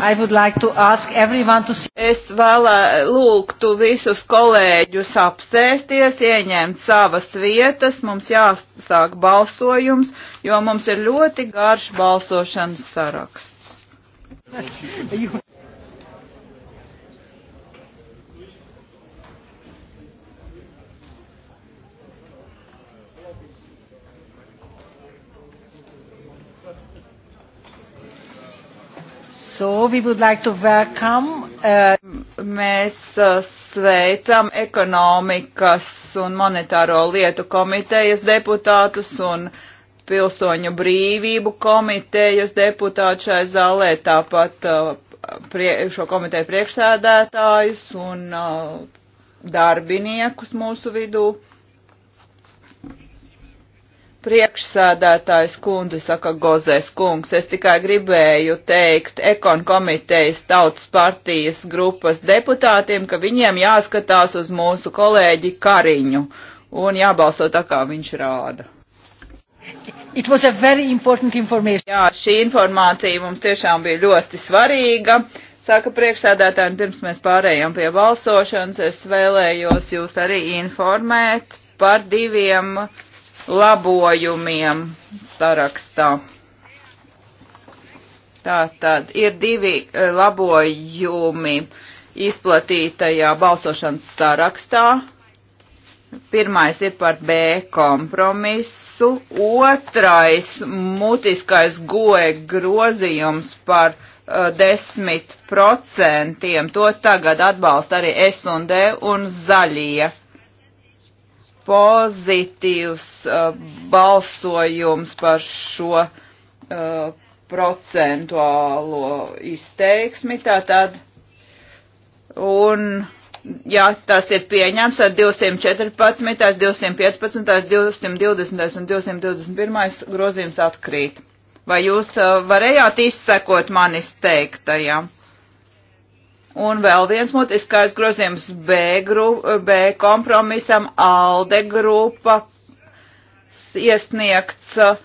Like to... Es vēlē eh, lūgtu visus kolēģus apsēsties, ieņemt savas vietas, mums jāsāk balsojums, jo mums ir ļoti garš balsošanas saraksts. So we would like to welcome. Uh, Mēs uh, sveicam ekonomikas un monetāro lietu komitejas deputātus un pilsoņu brīvību komitejas deputātu šai zālē, tāpat uh, prie, šo komiteju priekšsēdētājus un uh, darbiniekus mūsu vidū. Priekšsēdētājs kundze saka Gozēs kungs, es tikai gribēju teikt ekon komitejas tautas partijas grupas deputātiem, ka viņiem jāskatās uz mūsu kolēģi Kariņu un jābalso tā, kā viņš rāda. It was a very important information. Jā, šī informācija mums tiešām bija ļoti svarīga. Saka priekšsēdētājiem, pirms mēs pārējām pie balsošanas, es vēlējos jūs arī informēt par diviem labojumiem sarakstā. Tātad ir divi eh, labojumi izplatītajā balsošanas sarakstā. Pirmais ir par B kompromisu, otrais mutiskais goe grozījums par uh, eh, 10%. To tagad atbalsta arī S un D un zaļie pozitīvs uh, balsojums par šo uh, procentuālo izteiksmi. Tātad, un, ja tas ir pieņems, tad 214, 215, 220 un 221 grozījums atkrīt. Vai jūs uh, varējāt izsekot manis teiktajam? Ja? Un vēl viens mutiskais grozījums B, grup, B kompromisam ALDE grupa iesniegts uh,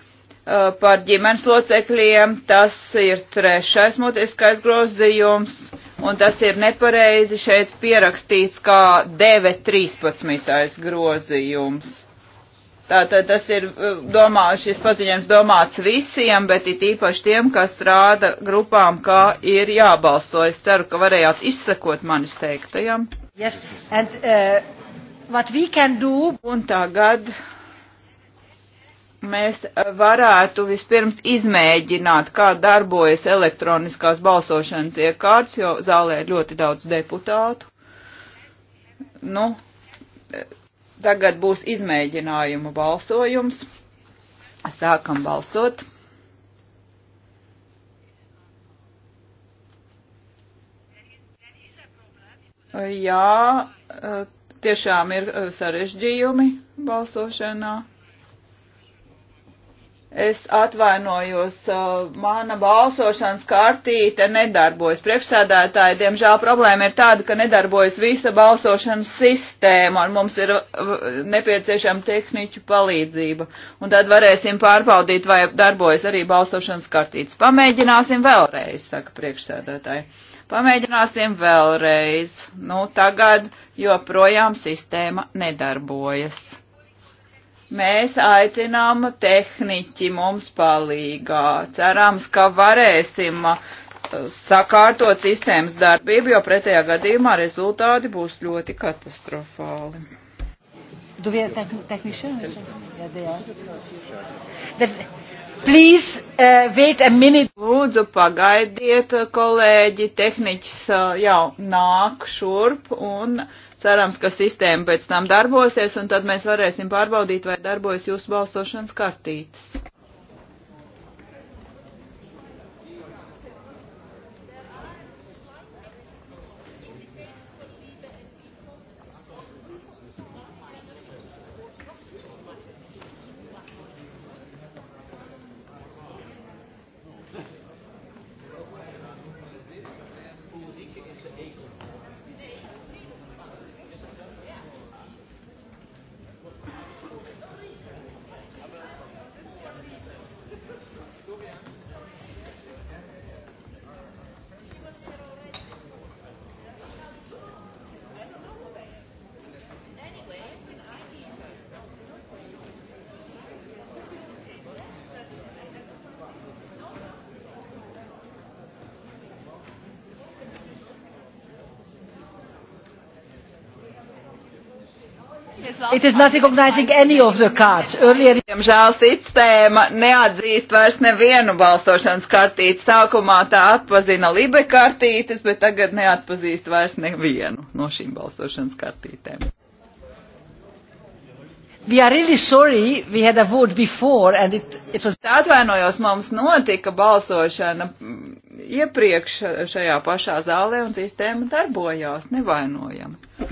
par ģimenes locekļiem. Tas ir trešais mutiskais grozījums, un tas ir nepareizi šeit pierakstīts kā 9.13. grozījums. Tātad tas ir uh, domā, šis paziņojums domāts visiem, bet it īpaši tiem, kas strāda grupām, kā ir jābalso. Es ceru, ka varējāt izsekot manis teiktajam. Yes. And, uh, do... Un tagad mēs varētu vispirms izmēģināt, kā darbojas elektroniskās balsošanas iekārts, jo zālē ir ļoti daudz deputātu. Nu, Tagad būs izmēģinājumu balsojums. Sākam balsot. Jā, tiešām ir eh, sarežģījumi balsošanā. Es atvainojos, uh, mana balsošanas kartīte nedarbojas. Priekšsēdētāji, diemžēl problēma ir tāda, ka nedarbojas visa balsošanas sistēma, un mums ir uh, nepieciešama tehniķu palīdzība. Un tad varēsim pārbaudīt, vai darbojas arī balsošanas kartītes. Pamēģināsim vēlreiz, saka priekšsēdētāji. Pamēģināsim vēlreiz. Nu, tagad joprojām sistēma nedarbojas. Mēs aicinām tehniķi mums palīgā. Cerams, ka varēsim uh, sakārtot sistēmas darbību, jo pretējā gadījumā rezultāti būs ļoti katastrofāli. Do we have technicians? Yeah, they are. There's, please uh, wait a minute. Lūdzu, pagaidiet, kolēģi, tehniķis uh, jau nāk šurp un uh, Cerams, ka sistēma pēc tam darbosies, un tad mēs varēsim pārbaudīt, vai darbojas jūsu balsošanas kartītes. It is not recognizing any of the cards. Earlier... Diemžēl sistēma neatzīst vairs nevienu balsošanas kartīti. Sākumā tā atpazina libe kartītes, bet tagad neatpazīst vairs nevienu no šīm balsošanas kartītēm. We are really sorry we had a vote before and it, it was... Atvainojos, mums notika balsošana iepriekš šajā pašā zālē un sistēma darbojās, nevainojami.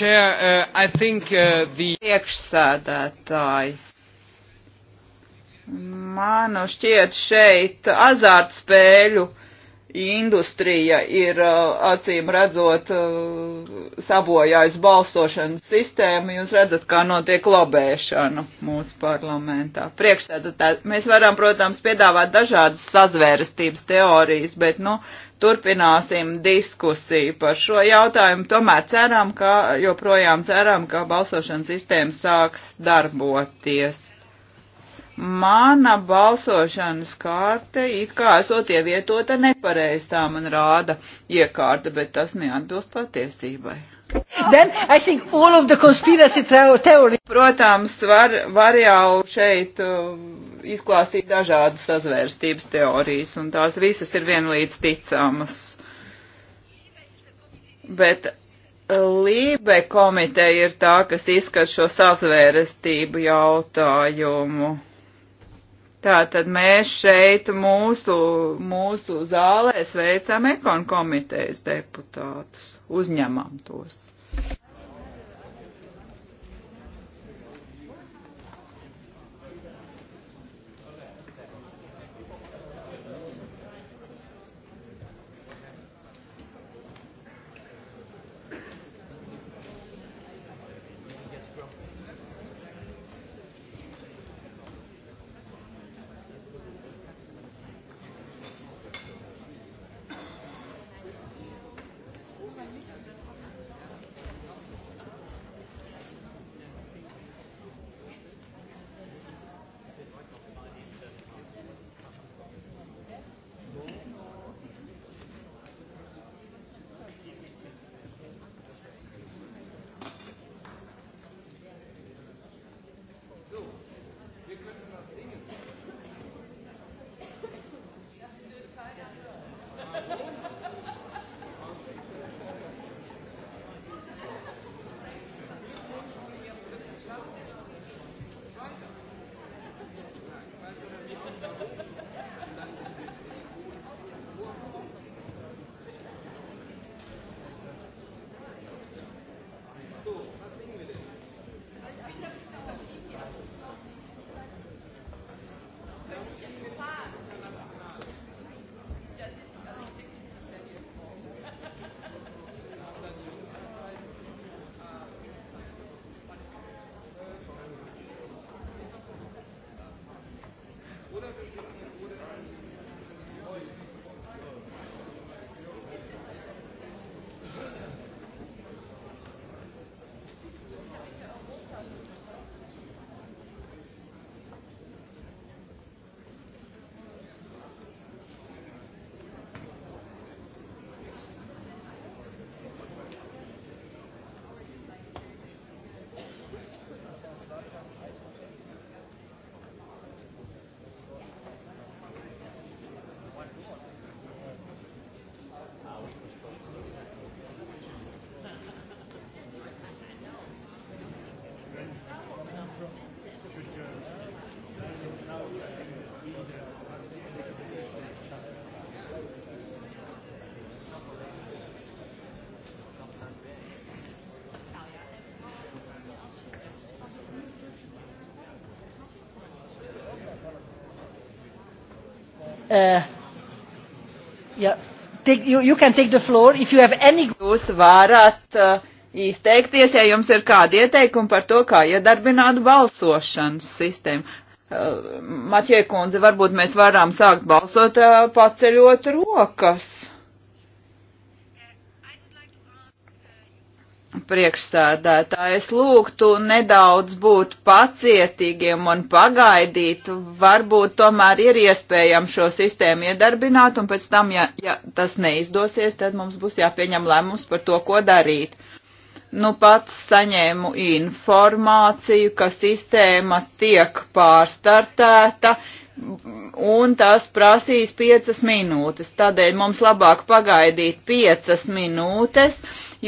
Chair, uh, I think uh, the... Priekšsēdētāji. Manu šķiet šeit azārtspēļu industrija ir uh, acīm redzot uh, sabojājusi balsošanas sistēmu. Jūs redzat, kā notiek lobēšana mūsu parlamentā. Priekšsēdētāji, mēs varam, protams, piedāvāt dažādas sazvērestības teorijas, bet, nu, turpināsim diskusiju par šo jautājumu. Tomēr ceram, ka joprojām ceram, ka balsošanas sistēma sāks darboties. Mana balsošanas kārta it kā esot ievietota nepareiz, tā man rāda iekārta, bet tas neatbilst patiesībai. Then I think all of the conspiracy theory. Protams, var, var jau šeit uh, izklāstīt dažādas sazvērstības teorijas, un tās visas ir vienlīdz ticamas. Bet uh, Lībe komiteja ir tā, kas izskat šo sazvērestību jautājumu. Tātad mēs šeit mūsu, mūsu zālēs veicam ekon komitejas deputātus, uzņemam tos. Uh, yeah. Take, you, you can take the floor if you have any. Jūs varat uh, izteikties, ja jums ir kādi ieteikumi par to, kā iedarbināt balsošanas sistēmu. Uh, Maķie kundze, varbūt mēs varam sākt balsot uh, paceļot rokas. priekšsēdētāji, es lūgtu nedaudz būt pacietīgiem un pagaidīt, varbūt tomēr ir iespējams šo sistēmu iedarbināt, un pēc tam, ja, ja tas neizdosies, tad mums būs jāpieņem lēmums par to, ko darīt. Nu pats saņēmu informāciju, ka sistēma tiek pārstartēta, un tas prasīs piecas minūtes. Tādēļ mums labāk pagaidīt piecas minūtes,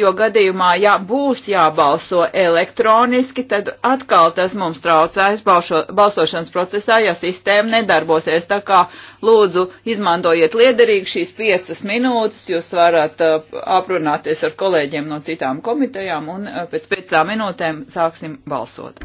jo gadījumā, ja būs jābalso elektroniski, tad atkal tas mums traucēs balso, balsošanas procesā, ja sistēma nedarbosies. Tā kā lūdzu izmantojiet liederīgi šīs piecas minūtes, jūs varat uh, aprunāties ar kolēģiem no citām komitejām un uh, pēc piecām minūtēm sāksim balsot.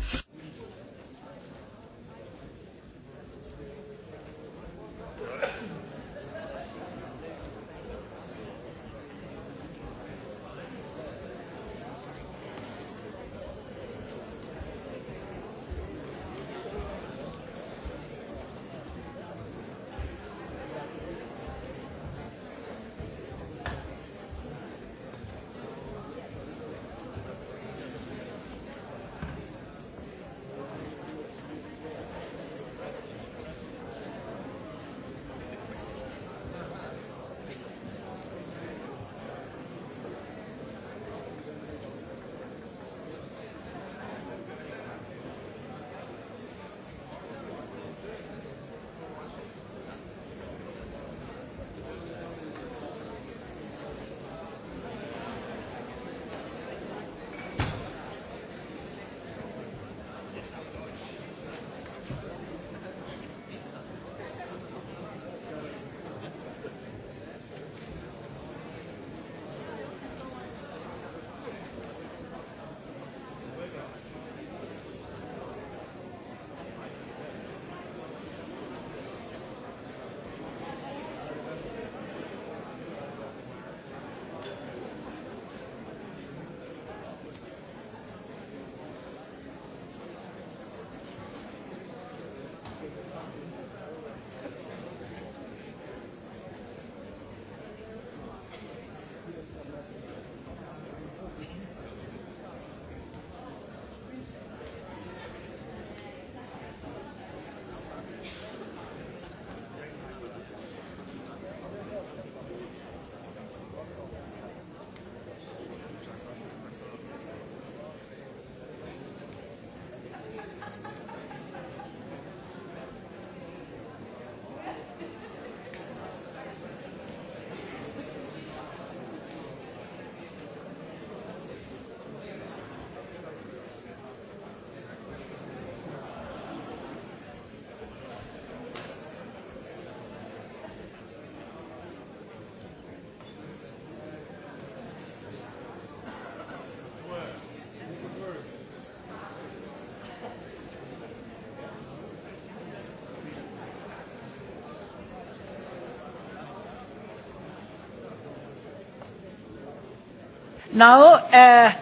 Now, uh,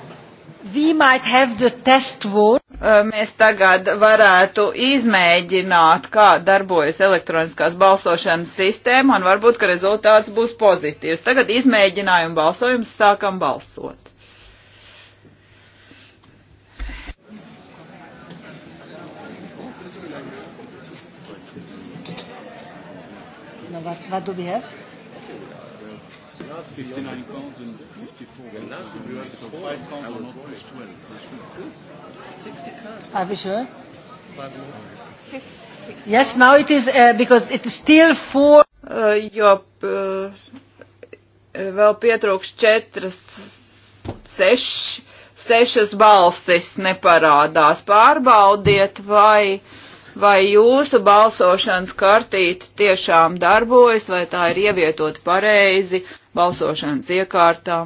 we might have the test vote. Uh, mēs tagad varētu izmēģināt, kā darbojas elektroniskās balsošanas sistēma, un varbūt, ka rezultāts būs pozitīvs. Tagad izmēģinājumu balsojums sākam balsot. What, what do we have? 59 pounds and 54 and now we are so 5 pounds are not plus 12. That's 60 pounds. Are we sure? Yes, now it is uh, because it is still 4. Uh, jo uh, uh, vēl pietrūks 4, 6, 6 balsis neparādās. Pārbaudiet, vai. Uh, vai jūsu balsošanas kartīte tiešām darbojas, vai tā ir ievietot pareizi balsošanas iekārtā.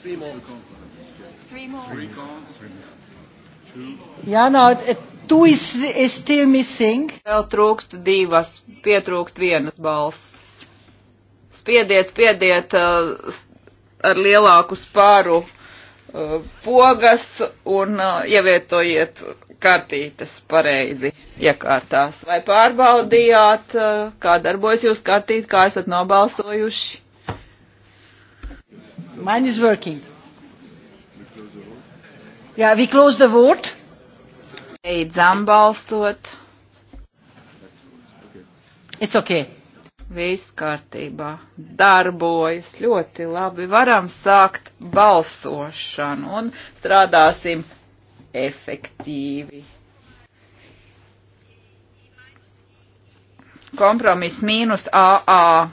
Three more. Three more. Three more. Jā, no, eh, tu is, is still missing. Vēl trūkst divas, pietrūkst vienas balss. Spiediet, spiediet uh, ar lielāku spāru Uh, pogas un uh, ievietojiet kartītes pareizi iekārtās. Vai pārbaudījāt, uh, kā darbojas jūsu kartīte, kā esat nobalsojuši? Mine is working. Jā, yeah, we close the vote. Beidzam balsot. It's okay viss kārtībā, darbojas ļoti labi, varam sākt balsošanu un strādāsim efektīvi. Kompromiss mīnus AA.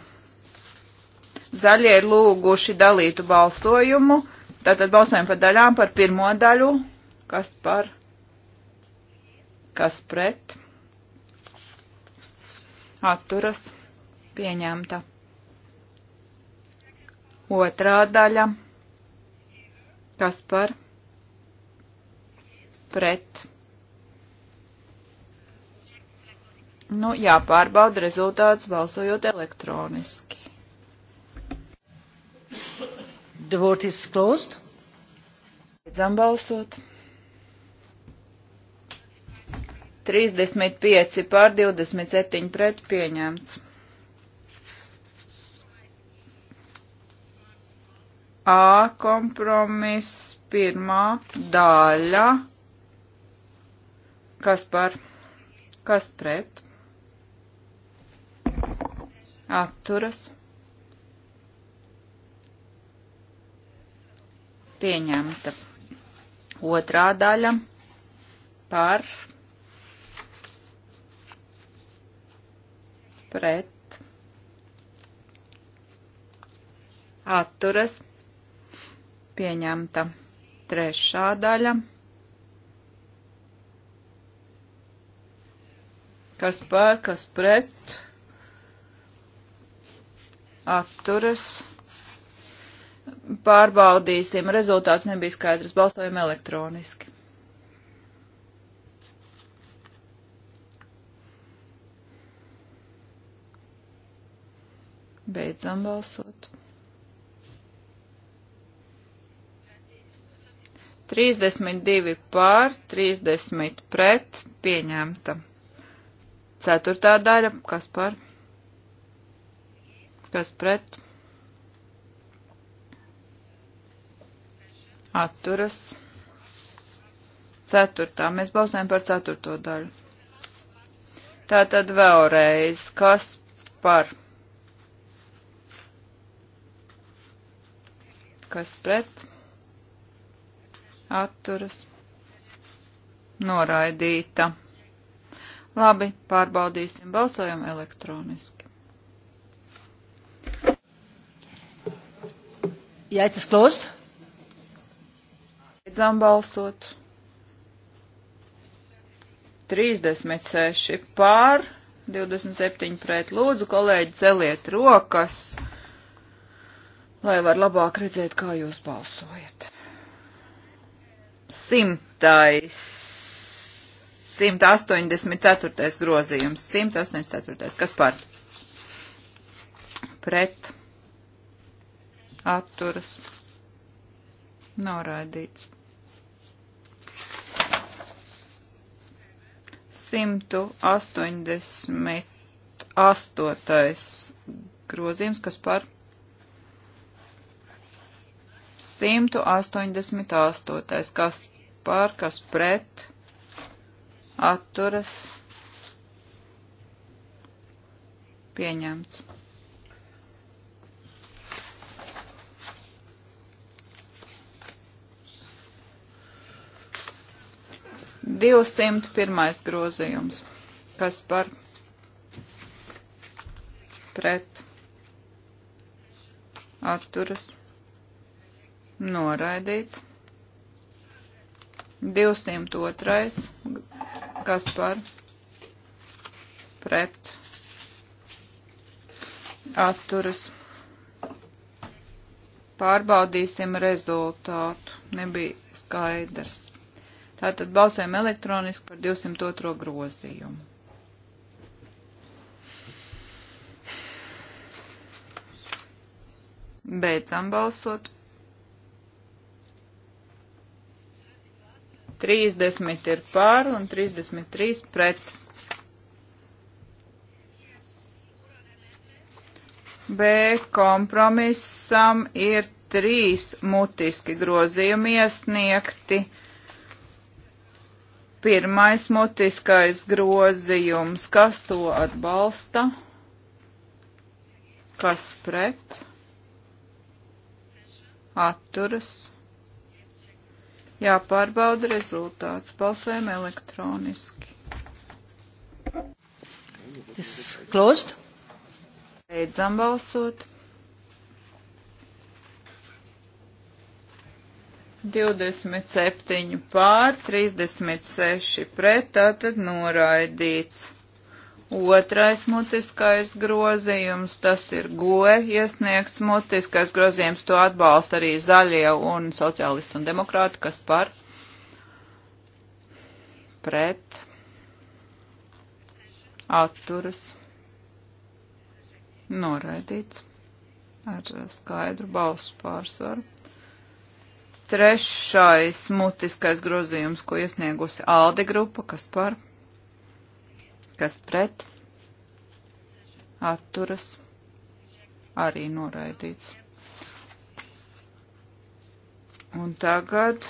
Zaļie ir lūguši dalītu balsojumu, tātad balsojam par daļām, par pirmo daļu, kas par, kas pret, atturas pieņemta. Otrā daļa, kas par pret. Nu, jāpārbauda rezultāts balsojot elektroniski. The vote is closed. Beidzam balsot. 35 pār 27 pret pieņemts. A kompromiss pirmā daļa. Kas par? Kas pret? Atturas. Pieņemta. Otrā daļa par pret atturas pieņemta. Trešā daļa. Kas pār, kas pret, atturas. Pārbaudīsim, rezultāts nebija skaidrs, balsojam elektroniski. Beidzam balsot. 32 pār, 30 pret, pieņemta. Ceturtā daļa, kas par? Kas pret? Atturas. Ceturtā. Mēs balsojam par ceturto daļu. Tātad vēlreiz, kas par? Kas pret? atturas noraidīta. Labi, pārbaudīsim, balsojam elektroniski. Jā, tas klost. Beidzām balsot. 36 pār, 27 pret. Lūdzu, kolēģi, celiet rokas, lai var labāk redzēt, kā jūs balsojat simtais. 184. grozījums. 184. Kas par? Pret. Atturas. Noraidīts. 188. grozījums. Kas par? 188. Kas par, kas pret, atturas, pieņemts. Divsimt pirmais grozījums, kas par pret atturas noraidīts. 202. Kas par? Pret. Atturas. Pārbaudīsim rezultātu. Nebija skaidrs. Tātad balsēm elektroniski par 202. grozījumu. Beidzam balsot. 30 ir pār un 33 pret. B kompromisam ir trīs mutiski grozījumi iesniegti. Pirmais mutiskais grozījums, kas to atbalsta, kas pret, atturas Jāpārbauda rezultāts. Balsējam elektroniski. Tas closed. Beidzam balsot. 27 pār, 36 pret, tātad noraidīts. Otrais mutiskais grozījums, tas ir goe iesniegts mutiskais grozījums, to atbalsta arī zaļie un sociālisti un demokrāti, kas par pret atturas noraidīts ar skaidru balsu pārsvaru. Trešais mutiskais grozījums, ko iesniegusi Alde grupa, kas par pret kas pret, atturas, arī noraidīts. Un tagad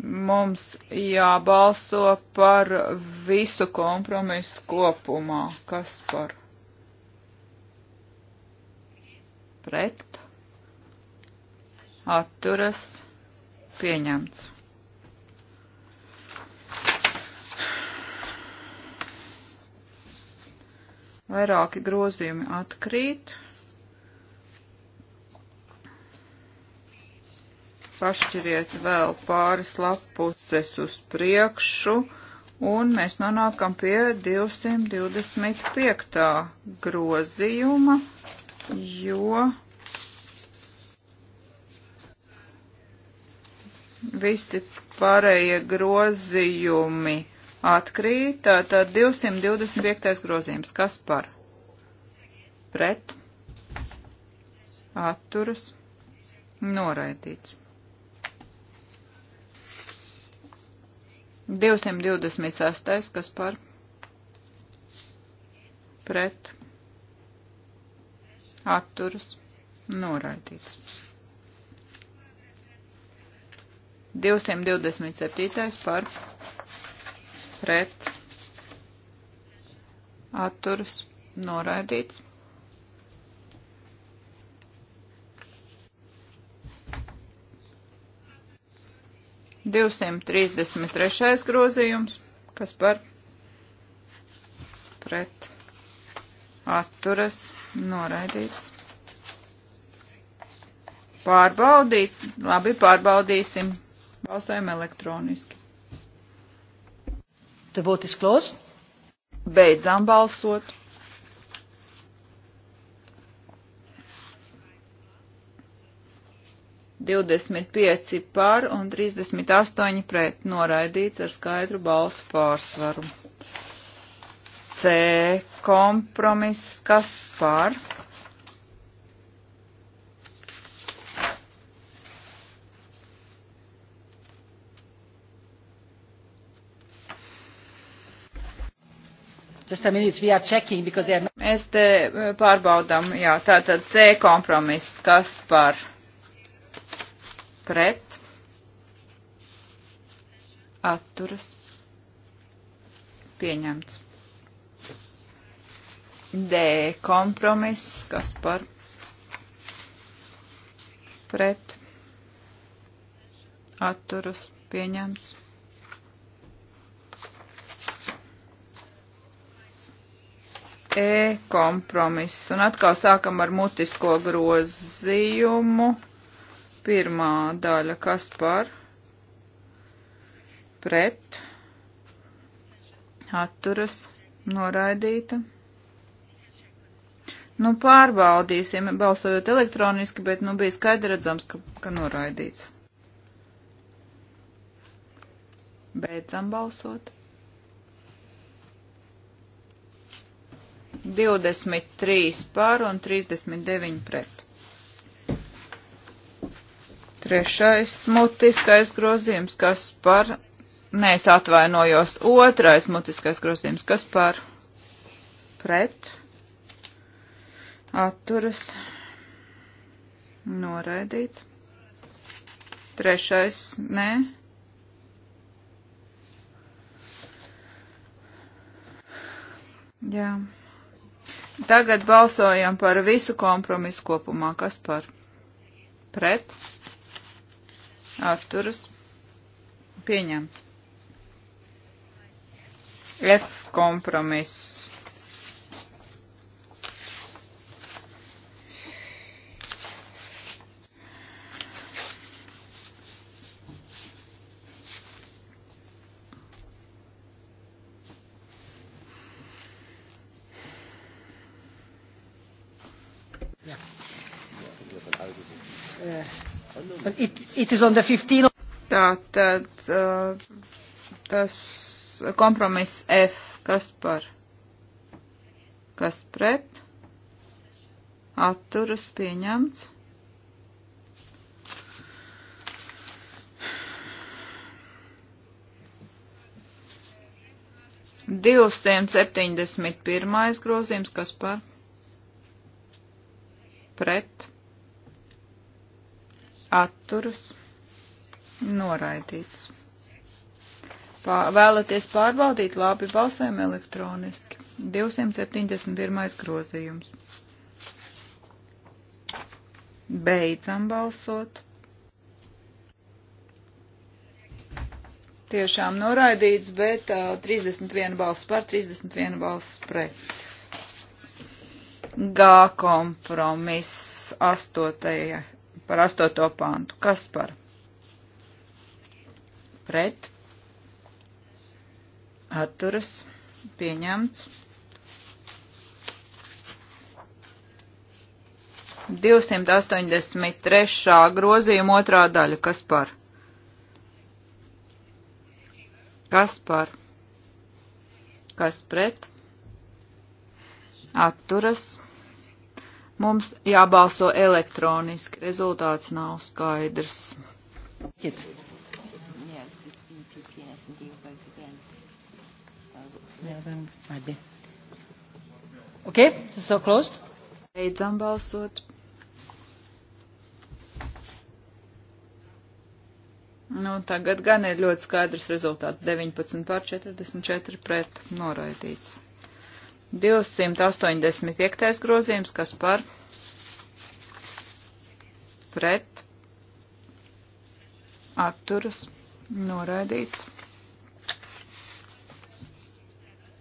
mums jābalso par visu kompromisu kopumā. Kas par? Pret, atturas, pieņemts. Vairāki grozījumi atkrīt. Pašķiriet vēl pāris lapuses uz priekšu, un mēs nonākam pie 225. grozījuma, jo visi pārējie grozījumi atkrīt, tad 225. grozījums, kas par pret atturas noraidīts. 226. kas par pret atturas noraidīts. 227. par pret pret atturas noraidīts. Divsimt trīsdesmit trešais grozījums, kas par pret atturas noraidīts. Pārbaudīt, labi, pārbaudīsim. Balsojam elektroniski. The vote is closed. Beidzām balsot. Divdesmit pieci par un trīsdesmit astoņi pret noraidīts ar skaidru balsu pārsvaru. C kompromiss, kas par? Mēs te eh, pārbaudām, jā, tātad C kompromiss, kas par pret atturas pieņemts. D kompromiss, kas par pret atturas pieņemts. E kompromiss. Un atkal sākam ar mutisko grozījumu. Pirmā daļa, kas par pret atturas noraidīta. Nu, pārbaudīsim, balsojot elektroniski, bet, nu, bija skaidri redzams, ka, ka noraidīts. Beidzam balsot. 23 par un 39 pret. Trešais mutiskais grozījums, kas par. Nē, es atvainojos. Otrais mutiskais grozījums, kas par. Pret. Atturas. Noraidīts. Trešais, nē. Jā. Yeah. Tagad balsojam par visu kompromisu kopumā. Kas par? Pret? Atturas? Pieņemts. F kompromiss. 15... Tā tad tas kompromiss F, kas par, kas pret, atturas pieņemts. Divsimt septiņdesmit pirmais grozījums, kas par pret atturas Noraidīts. Pā, vēlaties pārbaudīt labi balsēm elektroniski. 271. grozījums. Beidzam balsot. Tiešām noraidīts, bet uh, 31 balss par, 31 balss pret. G kompromiss 8. par 8. pantu. Kas par? pret, atturas, pieņemts. 283. grozījuma otrā daļa, kas par? Kas par? Kas pret? Atturas. Mums jābalso elektroniski, rezultāts nav skaidrs. Ķiet. Ok, so closed. Beidzam balsot. Nu, tagad gan ir ļoti skaidrs rezultāts 19 pār 44 pret noraidīts. 285. grozījums, kas par pret atturas noraidīts.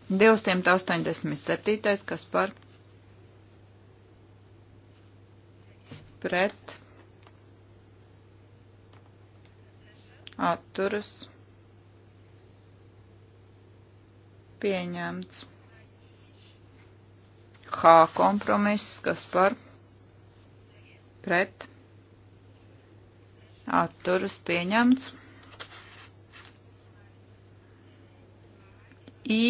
287. kas par pret atturas pieņemts. H kompromiss, kas par pret atturas pieņemts. I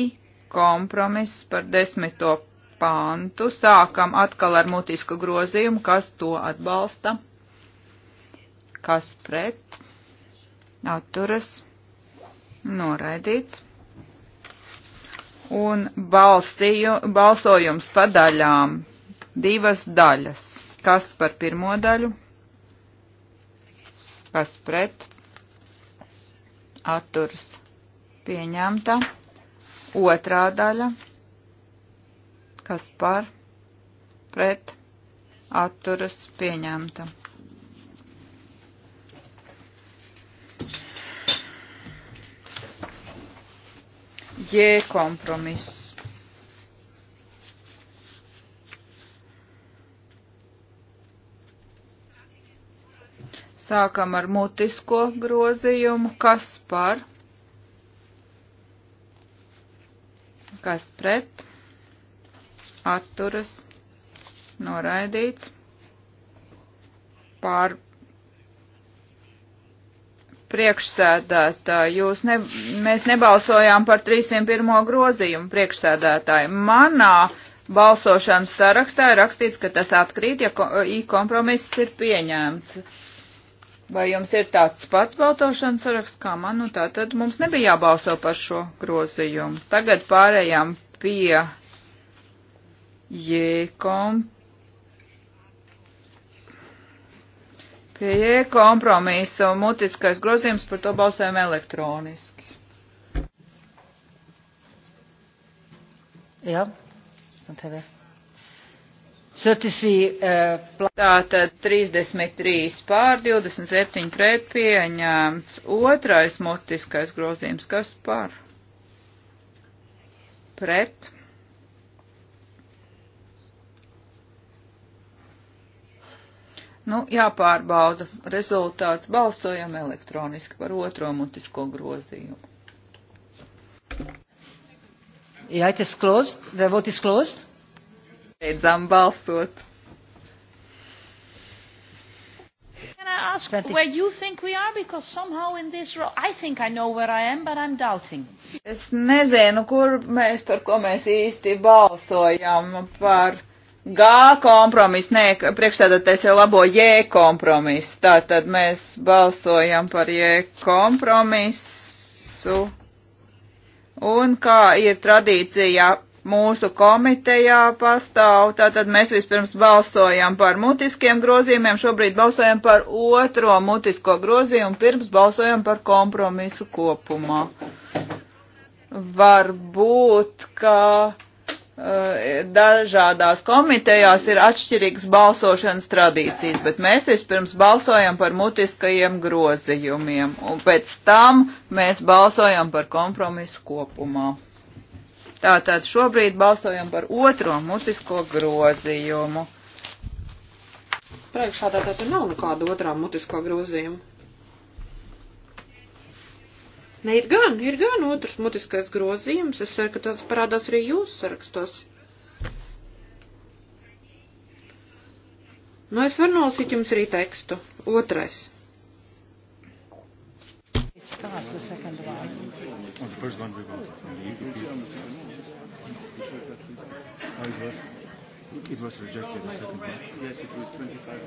kompromiss par desmito pantu. Sākam atkal ar mutisku grozījumu, kas to atbalsta, kas pret, atturas, noraidīts. Un balsiju, balsojums pa daļām. Divas daļas. Kas par pirmo daļu? Kas pret? Atturs pieņemta. Otrā daļa, kas par pret atturas pieņemta. J kompromiss. Sākam ar mutisko grozījumu, kas par kas pret, atturas, noraidīts, pār priekšsēdētāji, jūs ne, mēs nebalsojām par 301. grozījumu priekšsēdētāji. Manā balsošanas sarakstā ir rakstīts, ka tas atkrīt, ja I kompromiss ir pieņēmts. Vai jums ir tāds pats baltošanas saraksts kā man, nu tā tad mums nebija jābalso par šo grozījumu. Tagad pārējām pie jēkom. Pie jēkompromisa mutiskais grozījums par to balsojam elektroniski. Jā, un tev ir. Uh, Tātad 33 pār 27 pret pieņēmts. Otrais mutiskais grozījums, kas par? Pret. Nu, jāpārbauda rezultāts. Balsojam elektroniski par otro mutisko grozījumu. Yeah, it is closed. The vote is closed. Beidzām balsot. ask 20. where you think we are because somehow in this role I think I know where I am but I'm doubting. Es nezinu, kur mēs par ko mēs īsti balsojam par G kompromisu, nē, priekšsēdētājs jau labo J kompromisu. Tātad mēs balsojam par J kompromisu. Un kā ir tradīcija mūsu komitejā pastāv. Tātad mēs vispirms balsojam par mutiskiem grozījumiem, šobrīd balsojam par otro mutisko grozījumu, pirms balsojam par kompromisu kopumā. Varbūt, ka eh, dažādās komitejās ir atšķirīgas balsošanas tradīcijas, bet mēs vispirms balsojam par mutiskajiem grozījumiem, un pēc tam mēs balsojam par kompromisu kopumā. Tātad šobrīd balsojam par otro mutisko grozījumu. Priekšā tātad nav nekāda otrā mutiskā grozījuma. Ne, ir gan, ir gan otrs mutiskais grozījums. Es ceru, ka tas parādās arī jūsu sarakstos. Nu, es varu nolasīt jums arī tekstu. Otrais. Oh, the first one we voted on the EPP. Oh, it was, it was rejected, the second one. Yes, it was 25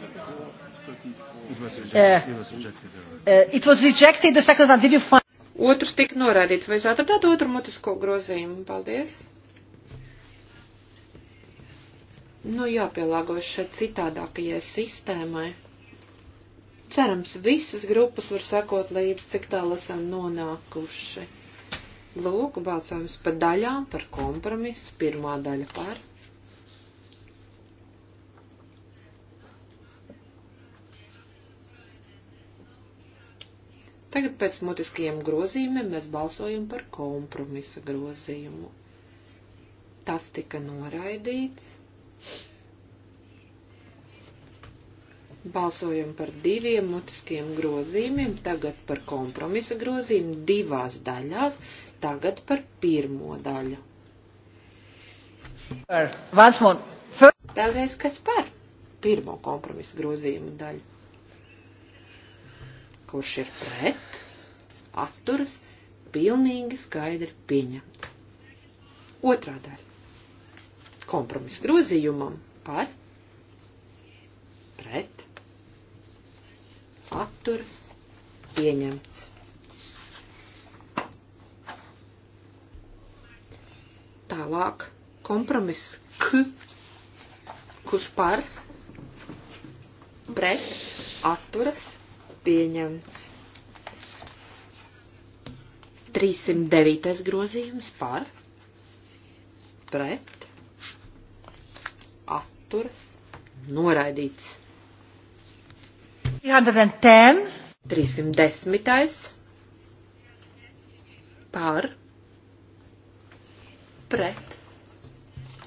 34. It was rejected. Uh, it was rejected. Uh, it was rejected, the second one. Did you find? Otrs tika norādīts. Vai jūs atradāt otru mutisko grozījumu? Paldies. Nu, jāpielāgojas šai citādākajai sistēmai. Cerams, visas grupas var sekot līdz, cik tālu esam nonākuši. Lūk, balsojums par daļām, par kompromisu, pirmā daļa par. Tagad pēc mutiskajiem grozījumiem mēs balsojam par kompromisa grozījumu. Tas tika noraidīts. Balsojam par diviem mutiskiem grozījumiem, tagad par kompromisa grozījumu divās daļās. Tagad par pirmo daļu. Vēlreiz kas par pirmo kompromisu grozījumu daļu? Kurš ir pret? Atturas pilnīgi skaidri pieņemts. Otrā daļa. Kompromisu grozījumam par pret atturas pieņemts. Tālāk kompromiss K, kurš par pret atturas pieņemts. 309. grozījums par pret atturas noraidīts. 310. 310. par pret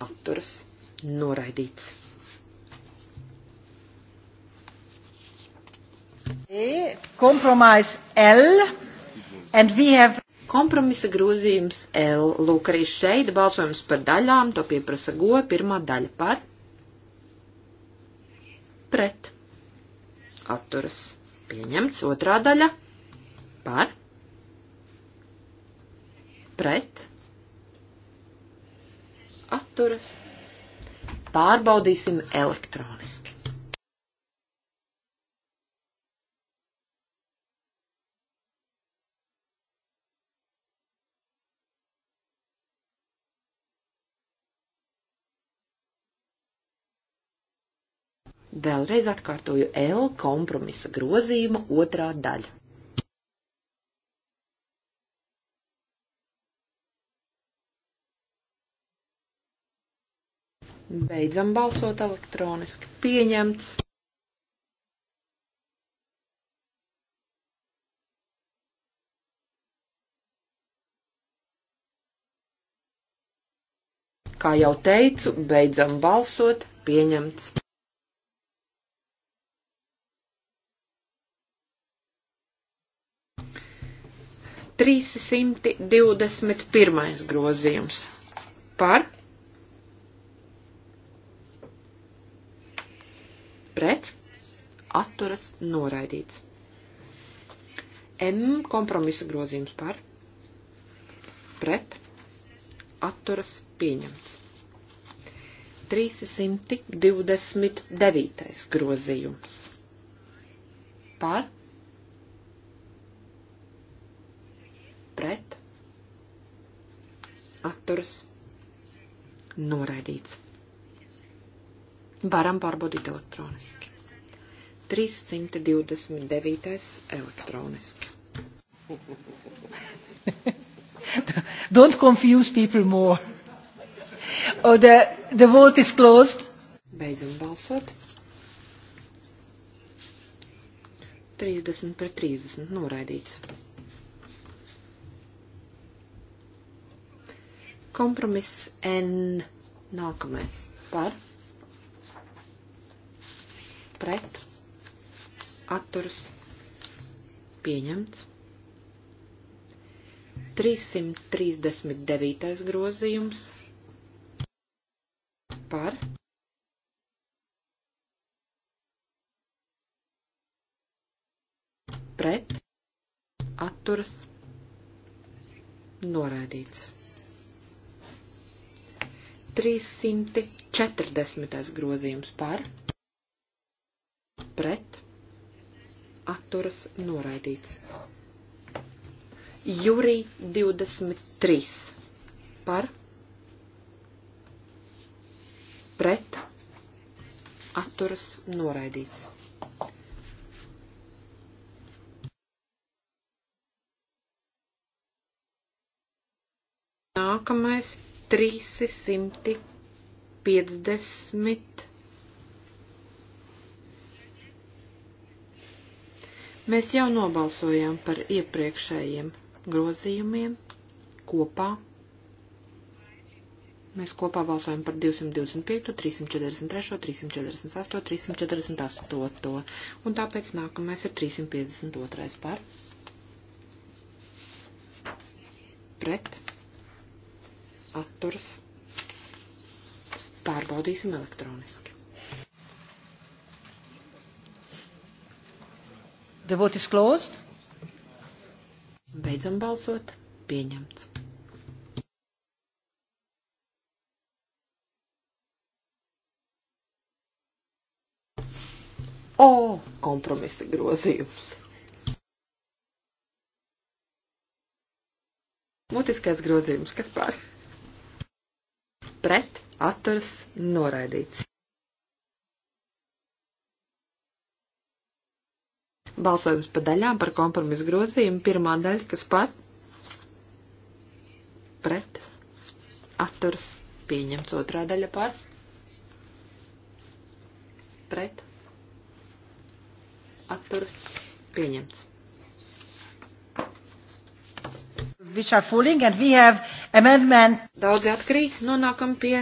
atturas noraidīts. E, Kompromise L and we have kompromisa grozījums L. Lūk, arī šeit balsojums par daļām, to pieprasa goja pirmā daļa par pret atturas pieņemts, otrā daļa par pret atturas. Pārbaudīsim elektroniski. Vēlreiz atkārtoju L kompromisa grozījuma otrā daļa. Beidzam balsot elektroniski. Pieņemts. Kā jau teicu, beidzam balsot, pieņemts. Trīssimti divdesmit pirmais grozījums par pret, atturas noraidīts. M kompromisa grozījums par, pret, atturas pieņemts. 329. grozījums par, pret, atturas noraidīts. Varam pārbaudīt elektroniski. 329. elektroniski. Don't confuse people more. Oh, the, the vote is closed. Beidzam balsot. 30 pret 30 noraidīts. Kompromiss N nākamais par pret, atturas, pieņemts. 339. grozījums par pret, atturas, noraidīts. 340. grozījums par pret pret, atturas noraidīts. Jurī 23 par, pret, atturas noraidīts. Nākamais 350. Mēs jau nobalsojām par iepriekšējiem grozījumiem kopā. Mēs kopā balsojam par 225, 343, 348, 348, un tāpēc nākamais ir 352 par. Pret. Atturs. Pārbaudīsim elektroniski. The vote is closed. Beidzam balsot. Pieņemts. O, kompromisa grozījums. Mutiskais grozījums, kas pār? Pret, atturas, noraidīts. Balsojums pa daļām par kompromisu grozījumu. Pirmā daļa, kas par pret atturs pieņemts. Otrā daļa par pret atturs pieņemts. which are falling and we have amendment. Daudzi atkrīt, nonākam pie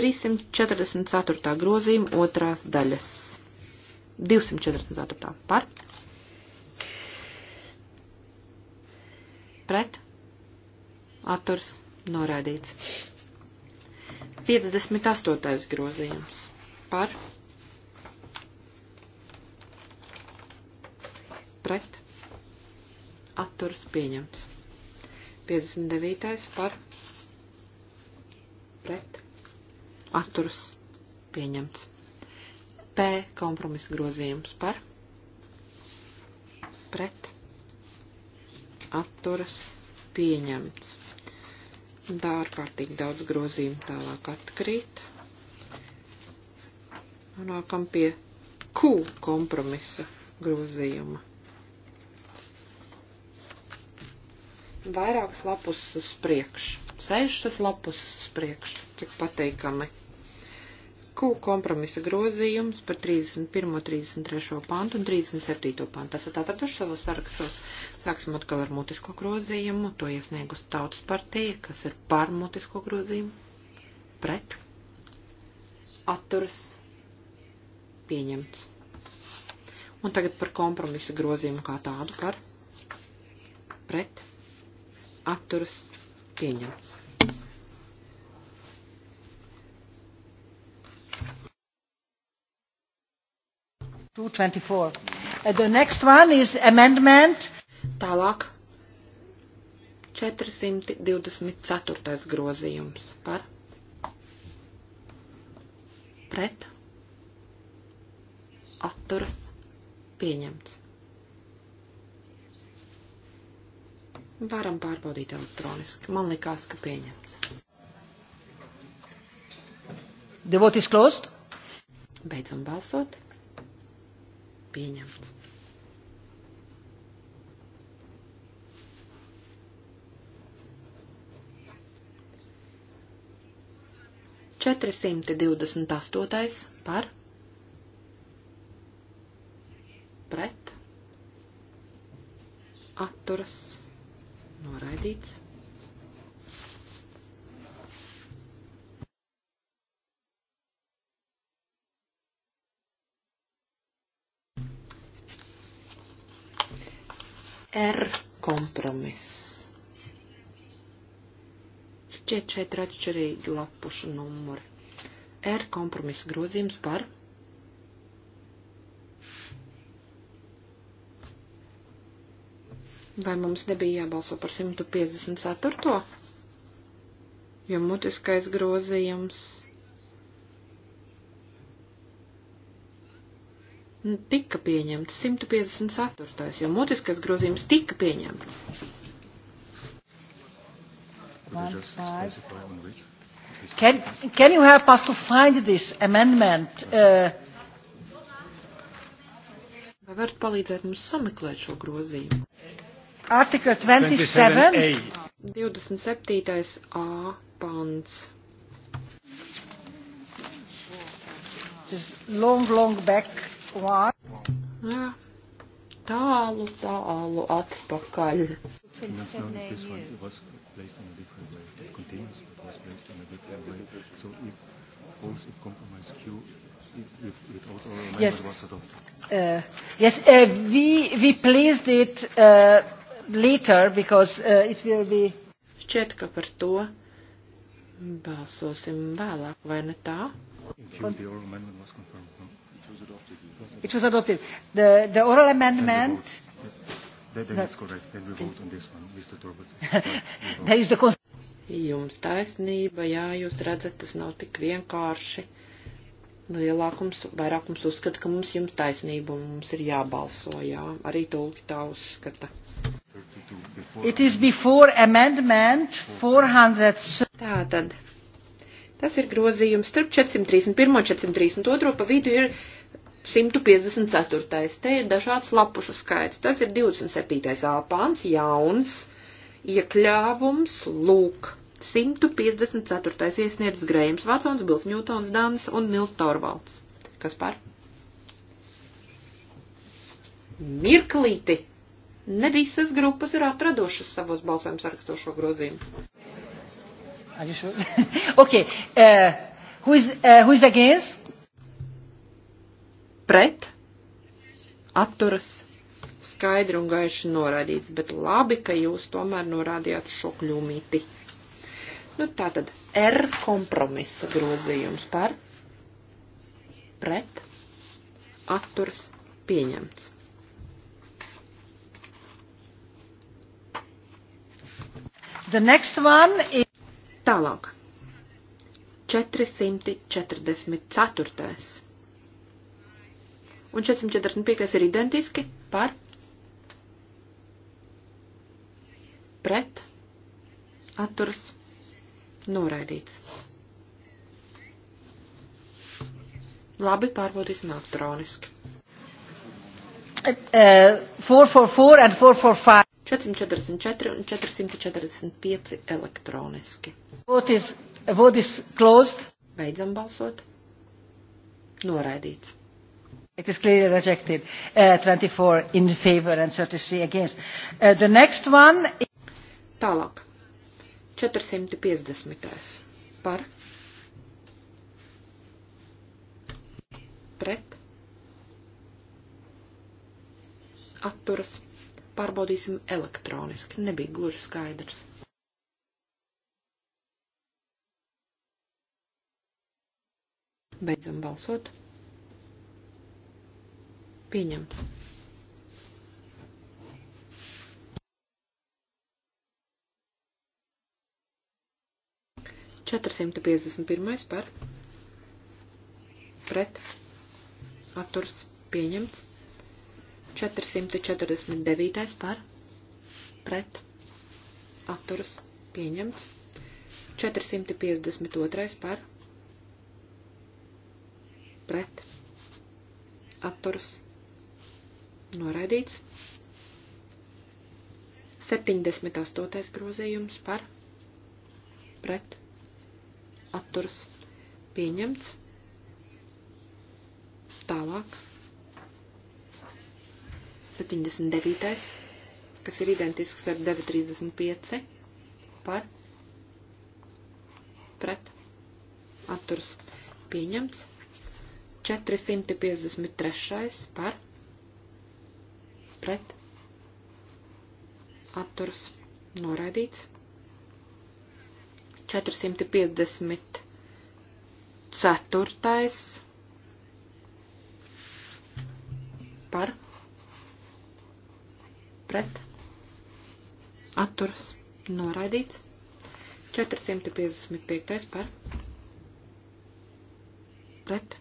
344. grozījuma otrās daļas. 244. par. Pret. Atturs norādīts. 58. grozījums par. Pret. Atturs pieņemts. 59. par. Pret. Atturs pieņemts. P kompromisa grozījums par pret atturas pieņemts. Tā ārkārtīgi daudz grozījumu tālāk atkrīt. Nonākam pie Q kompromisa grozījuma. Vairākas lapus uz priekšu. Sešas lapus uz priekšu. Cik pateikami. Q kompromisa grozījums par 31, 33 pantu un 37 pantu. Tas atraduši savos sarakstos. Sāksim atkal ar mutisko grozījumu. To iesniegus tautas partija, kas ir par mutisko grozījumu. Pret. Atturas. Pieņemts. Un tagad par kompromisa grozījumu kā tādu par. Pret. Atturas. Pieņemts. 224. Uh, the next one is amendment. Tālāk. 424. grozījums par pret atturas pieņemts. Varam pārbaudīt elektroniski. Man likās, ka pieņemts. Devot izklost? Beidzam balsot. Pieņemts. Četrisimti divdesmit astotais par pret atturas noraidīts. R kompromiss. Šķiet šeit ir atšķirīgi lapušu numuri. R kompromisa grozījums par Vai mums nebija jābalso par 154. Jo mutiskais grozījums tika pieņemts 154. jo mutiskais grozījums tika pieņemts. Can, can you help us to find this amendment? Uh, Vai varat palīdzēt mums sameklēt šo grozījumu? Artikla 27. 27. A pants. Long, long back. Jā, tālu, tālu atpakaļ. Yes, no, this one it was placed in a different way. It continues, but was placed in a different way. So it falls in compromise Q. It, it, it yes. Was uh, yes, uh, we, we placed it uh, later because uh, it will be. Šķiet, ka par to balsosim vēlāk, vai ne tā? In Q, the oral amendment was confirmed. No? It was adopted. The, the oral amendment. Then, then it's correct. Then we vote on this one, Mr. Torvalds. there is the cons- Jums taisnība, jā, jūs redzat, tas nav tik vienkārši. Lielākums, vairākums uzskata, ka mums jums taisnība un mums ir jābalso, jā. Arī tulki tā uzskata. It is before amendment 400. Tātad. Tas ir grozījums starp 431 un 432 pa vidu ir 154. Te ir dažāds lapušu skaits. Tas ir 27. āpāns, jauns iekļāvums, lūk. 154. iesniedz Grējums Vatsons, Bils Ņūtons Dans un Nils Torvalds. Kas par? Mirklīti! Ne visas grupas ir atradušas savos balsojumus sarakstošo grozījumu. Are you sure? okay. Uh, who is, uh, who is against? pret, atturas, skaidri un gaiši norādīts, bet labi, ka jūs tomēr norādījāt šo kļūmīti. Nu, tā tad R kompromisa grozījums par pret atturs pieņemts. The next one is... Tālāk. 444 un 445 ir identiski par pret atturas noraidīts. Labi, pārbaudīsim elektroniski. Uh, eh, 444 eh, and 445. 444 un 445 elektroniski. Vote is, vote is closed. Beidzam balsot. Noraidīts. It is clearly rejected. Uh, 24 in favor and 33 against. Uh, the next one. Tālāk. 450. Par. Pret. Atturas. Pārbaudīsim elektroniski. Nebija gluži skaidrs. Beidzam balsot. Pieņemts. Četrsimta piecdesmit pirmais par pret atturs pieņemts. 449 par pret atturas pieņemts. 452 par pret atturas Noraidīts. 78. grozījums par pret atturas pieņemts. Tālāk. 79. kas ir identisks ar 935 par pret atturas pieņemts. 453. par pret pret atturas noraidīts. 454. par pret atturas noraidīts. 455. par pret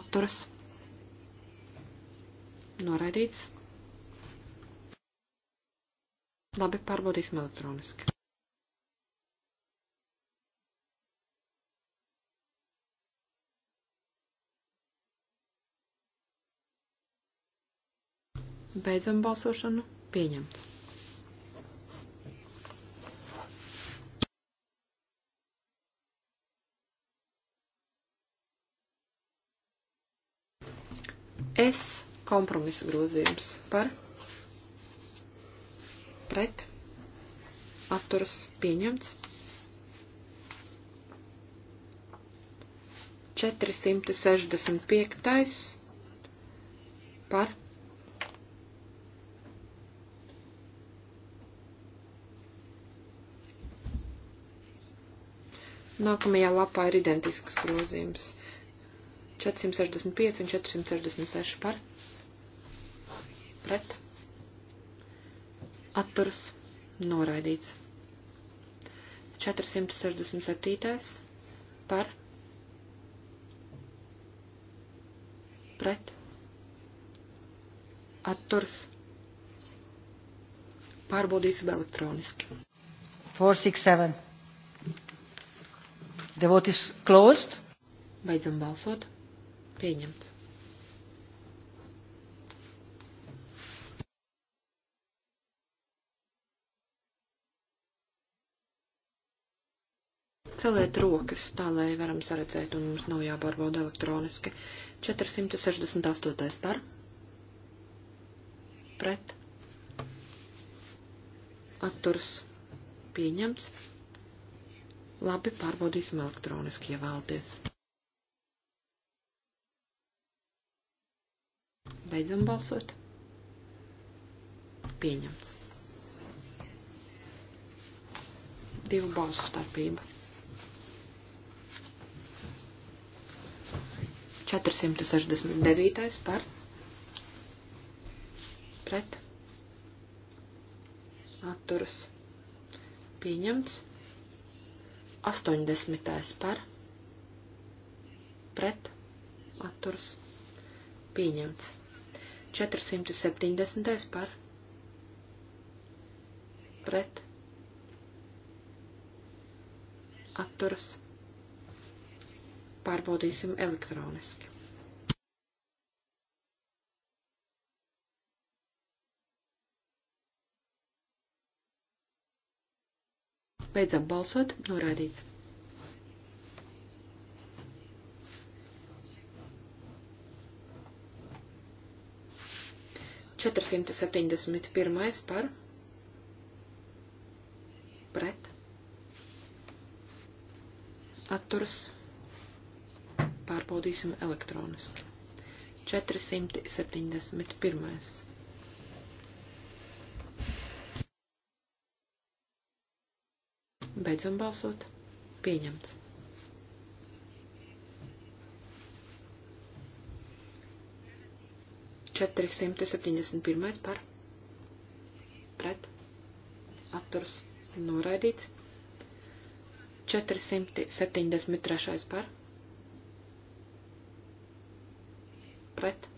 atturas noraidīts Noraidīts. Labi, pārbaudīsim elektroniski. Beidzam balsošanu. Pieņemts. es Kompromisa grozījums par pret atturas pieņemts. 465. par Nākamajā lapā ir identisks grozījums. 465 un 466 par pret atturas noraidīts. 467. par pret atturas pārbaudīsim elektroniski. 467. The vote is closed. Beidzam balsot. Pieņemts. Celiet rokas, tā lai varam saredzēt un mums nav jābarbauda elektroniski. 468. par. Pret. Atturs. Pieņemts. Labi, pārbaudīsim elektroniski, ja vēlaties. Beidzam balsot. Pieņemts. Divu balsu starpība. 469. par pret atturas pieņemts 80. par pret atturas pieņemts 470. par pret atturas pieņemts pārbaudīsim elektroniski. Beidzam balsot, noraidīts. Četrsimt septiņdesmit pirmais par pret atturas pārbaudīsim elektroniski. 471. Beidzam balsot. Pieņemts. Četrisimti septiņdesmit pirmais par pret atturs noraidīts. Četrisimti septiņdesmit trešais par pret pret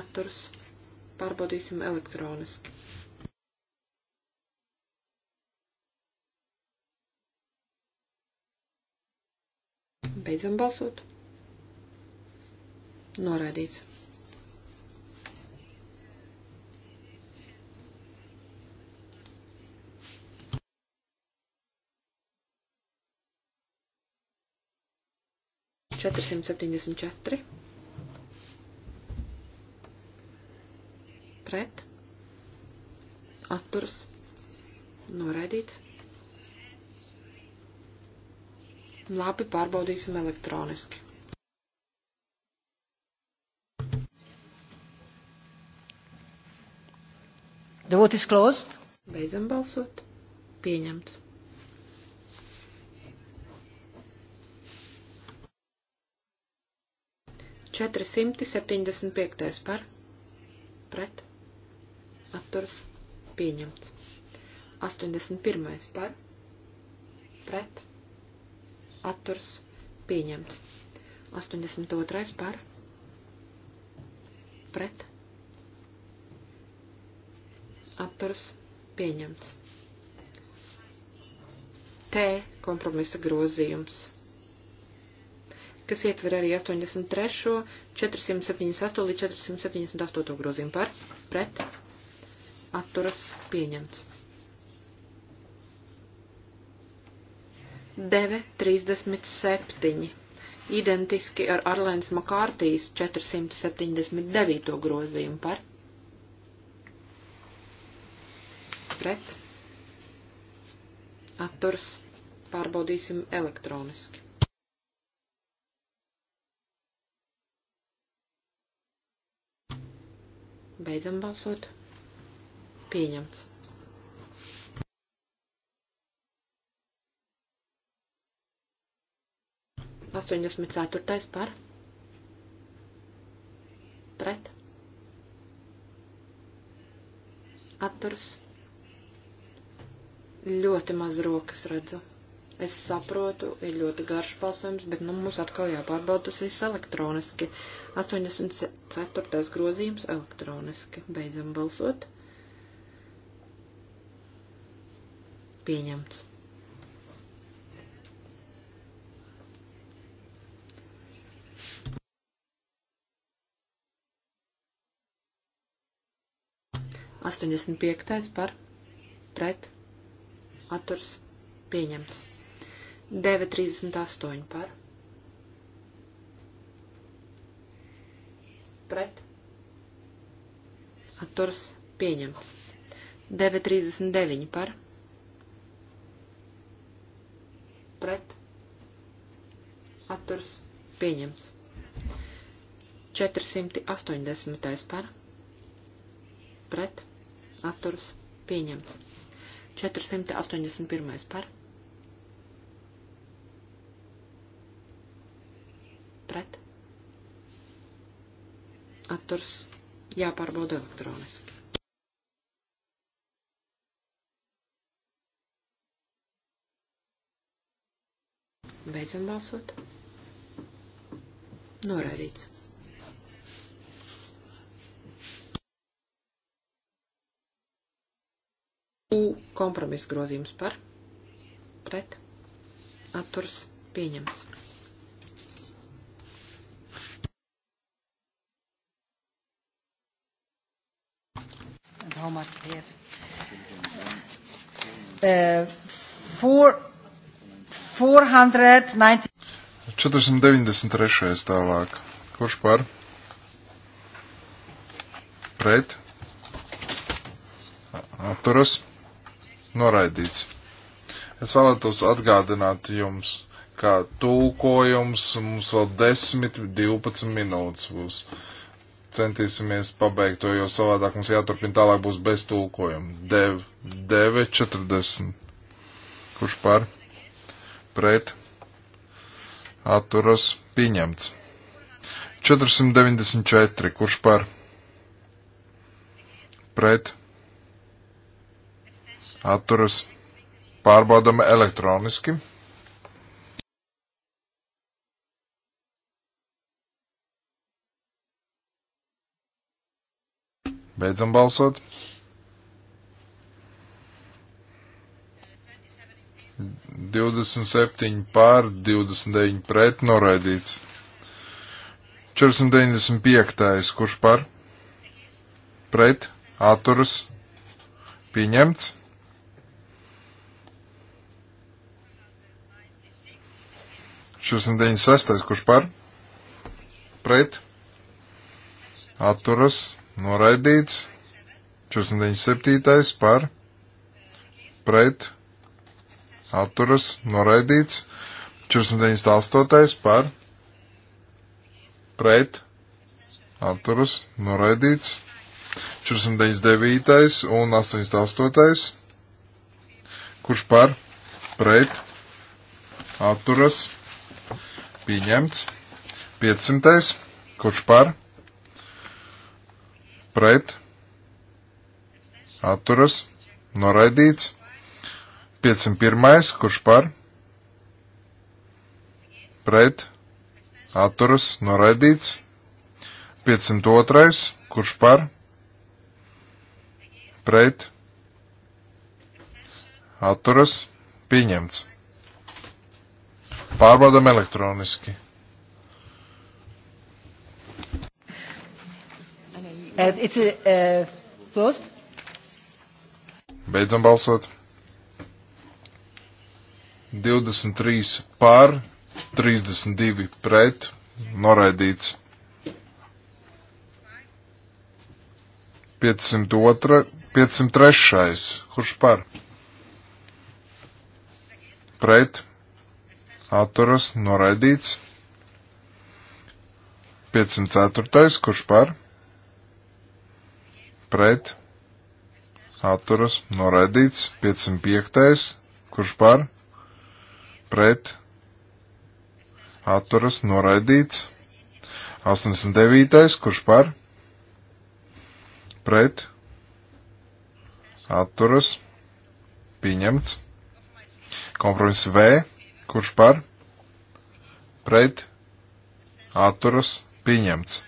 atturs pārbaudīsim elektroniski. Beidzam balsot. Noraidīts. 474 pret atturas noraidīts. Labi, pārbaudīsim elektroniski. The vote is closed. Beidzam balsot. Pieņemts. 475. par pret atturas pieņemts. 81. par pret atturas pieņemts. 82. par pret atturas pieņemts. T kompromisa grozījums kas ietver arī 83, 478 līdz 478 grozījumu par, pret, atturas pieņemts. 937. Identiski ar Arlēns Makārtīs 479. grozījumu par. Pret. Atturs. Pārbaudīsim elektroniski. Beidzam balsot. Pieņemts. Astoņdesmit ceturtais par. Pret. Atturs. Ļoti maz rokas redzu. Es saprotu, ir ļoti garš balsojums, bet nu mums atkal jāpārbauda tas viss elektroniski. 84. grozījums elektroniski. Beidzam balsot. Pieņemts. Astoņdesmit piektais par pret atturs pieņemts. 9,38 par. Pret. Atturs pieņemts. 9,39 par. Pret. Atturs pieņemts. 480 par. Pret. Atturs pieņemts. 481 par atturs jāpārbauda elektroniski. Beidzam balsot. Noraidīts. U kompromisa grozījums par pret atturs pieņemts. how much we have. Uh, four, 490. 493. tālāk. Kurš par? Pret? Atturas? Noraidīts. Es vēlētos atgādināt jums, kā tulkojums mums vēl 10, 12 minūtes būs. Uh, centīsimies pabeigt to, jo savādāk mums jāturpina tālāk būs bez tulkojuma. Dev, 9.40. Kurš par? Pret. Atturas pieņemts. 494. Kurš par? Pret. Atturas. Pārbaudame elektroniski. Beidzam balsot. 27 pār, 29 pret noraidīts. 495. Kurš par? Pret, atturas, pieņemts. 496. Kurš par? Pret, atturas, noraidīts. 497. par pret atturas noraidīts. 498. par pret atturas noraidīts. 499. un 88. kurš par pret atturas pieņemts. 500. kurš par pret pret, atturas, noraidīts. 501. kurš par, pret, atturas, noraidīts. 502. kurš par, pret, atturas, pieņemts. Pārbaudam elektroniski. Uh, it's a, uh, closed. Beidzam balsot. 23 pār, 32 pret, noraidīts. 502, 503, kurš par? Pret, atturas, noraidīts. 504, kurš par? pret, atturas, noraidīts, 505. kurš par, pret, atturas, noraidīts, 89. kurš par, pret, atturas, pieņemts, kompromiss V, kurš par, pret, atturas, pieņemts.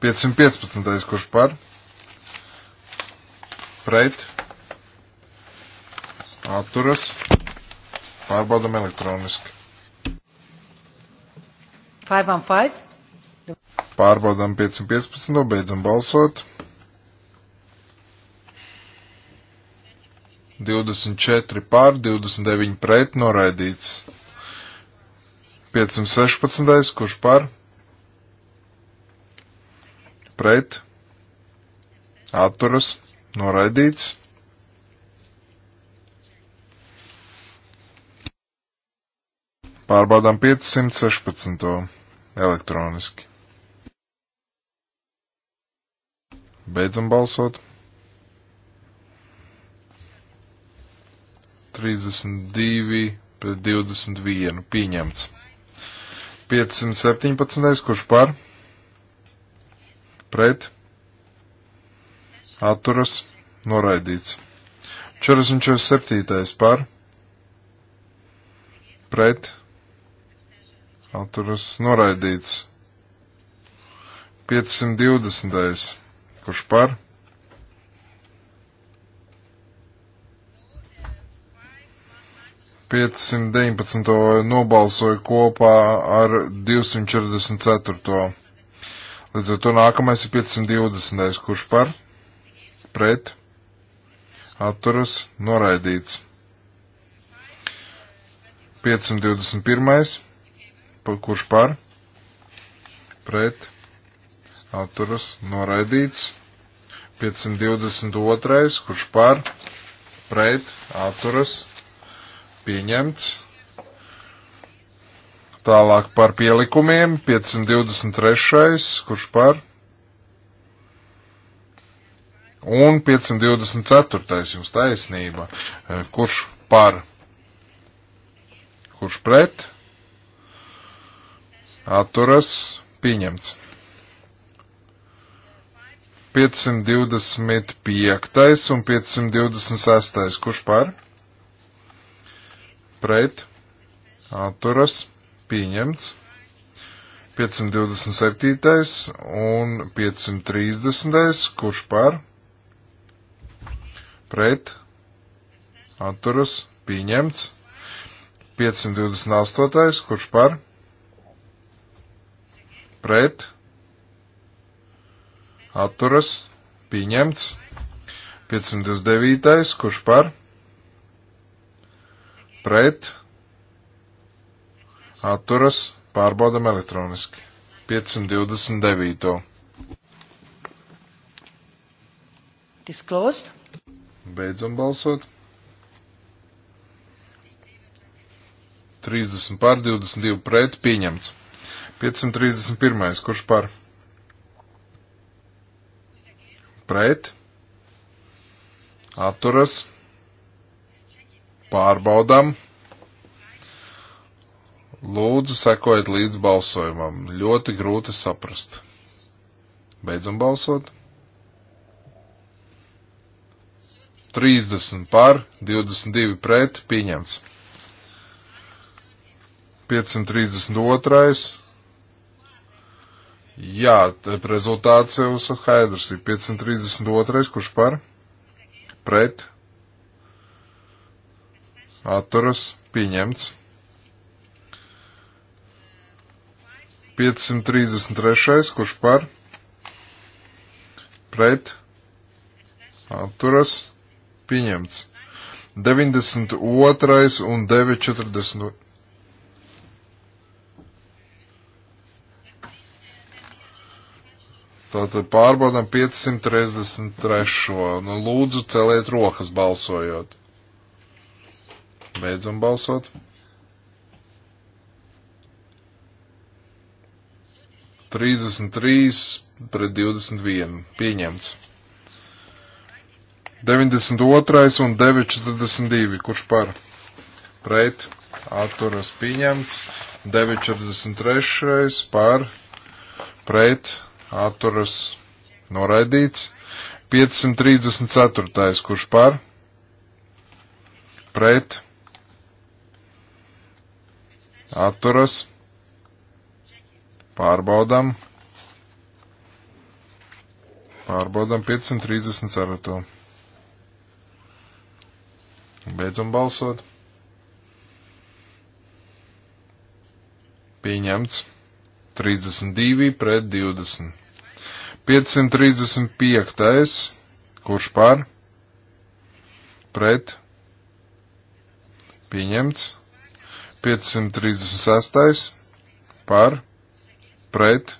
515. kurš par? Pret. Atturas. Pārbaudam elektroniski. 5 on 5. Pārbaudām 515, beidzam balsot. 24 pār, 29 pret, noraidīts. 516, kurš par? pret, atturas, noraidīts. Pārbaudām 516. elektroniski. Beidzam balsot. 32 pret 21 pieņemts. 517. kurš par? pret, atturas, noraidīts. 447. par, pret, atturas, noraidīts. 520. kurš par, Piecsimt deviņpadsmito nobalsoja kopā ar 244. Līdz ar to nākamais ir 520. Kurš par? Pret? Atturas? Noraidīts. 521. Kurš par? Pret? Atturas? Noraidīts. 522. Kurš par? Pret? Atturas? Pieņemts. Tālāk par pielikumiem 523, kurš par? Un 524, jums taisnība, eh, kurš par? Kurš pret? Atturas pieņemts. 525 un 526, kurš par? Pret? Atturas pieņemts pieņemts. 527. un 530. kurš par? Pret. Atturas. Pieņemts. 528. kurš par? Pret. Atturas. Pieņemts. 529. kurš par? Pret atturas, pārbaudam elektroniski. 529. Disclosed. Beidzam balsot. 30 pār 22 pret pieņemts. 531. Kurš par? Pret. Atturas. Pārbaudām. Lūdzu, sekojiet līdz balsojumam. Ļoti grūti saprast. Beidzam balsot. 30 par, 22 pret, pieņemts. 532. Jā, rezultāts jau skaidrs ir 532, kurš par, pret, atturas, pieņemts. 533. kurš par pret atturas pieņemts. 92. un 940. Tātad pārbaudām 533. Nu, lūdzu, celiet rokas balsojot. Beidzam balsot. 33 pret 21 pieņemts. 92 un 942, kurš par pret atturas pieņemts, 943 par pret atturas noraidīts, 534, kurš par pret atturas pieņemts Pārbaudām. Pārbaudām 530 ar to. Beidzam balsot. Pieņemts. 32 pret 20. 535. Kurš par? Pret. Pieņemts. 536. Par pret,